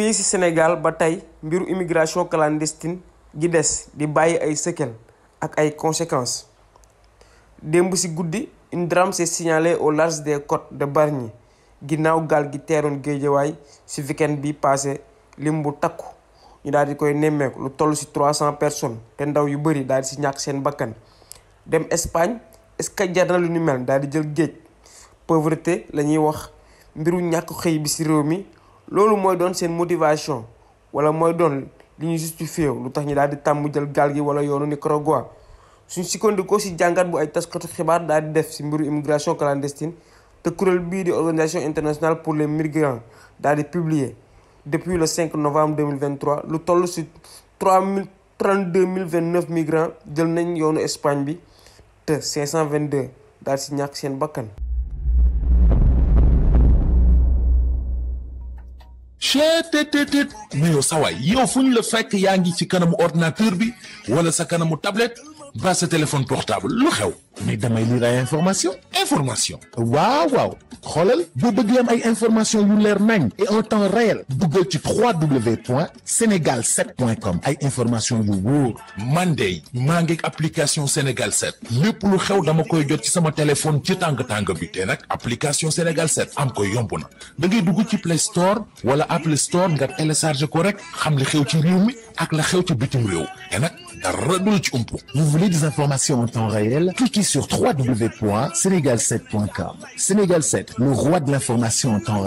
fii ci Sénégal ba tey mbiru immigration clandestine gi des di bàyyi ay séquelles ak ay conséquences démb ci guddi une drame s'est signalée au large des côtes de Bargny ginnaaw gaal gi teeroon géejawaay ci weekend bi passé lim bu takku ñu daal di koy nemmeeku lu toll ci 300 personnes te ndaw yu bëri daal di ci ñàkk seen bakkan dem Espagne est-ce que jar na lu ni mel daal di jël géej pauvreté la ñuy wax mbiru ñàkk xëy bi ci réew mi. loolu mooy doon seen motivation wala mooy doon li ñu justifié lu tax ñu daal di tàmm jël gaal gi wala yoonu Nicaragua suñ sukkandikoo si jàngat bu ay taskatu xibaar daal di def si mbiru immigration clandestine te kuréel bii di organisation internationale pour les migrants daal di publier depuis le 5 novembre 2023 lu toll si 3 mille 32 mille 29 migrants jël nañ yoonu Espagne bi te 522 daal si ñàkk seen bakkan. chettt mais yow sawaay yow fu ñu la fekk yaa ngi ci kanamu ordinateur bi wala sa kanamu tablette ba sa téléphone portable lu xew mais damay lire ay information information waaw waaw xoolal boo bëgg am ay information yu leer nañ et en temps réel duggal ci 3w point sénégal 7 point com ay information yu wóor man de maa ngi application sénégal 7 lépp lu xew dama koy jot ci sama téléphone ci tàng tàng bi te nag application sénégal 7 am ko yomb na da ngay dugg ci play store wala apple store nga télécharge ko rek xam li xew ci réew mi ak la xew ti bitim réew te nag dara du ci umpu vous voulez des informations en temps réel cliquez sur w sénégal 7 point com sénégal 7 le roi de l'information en temps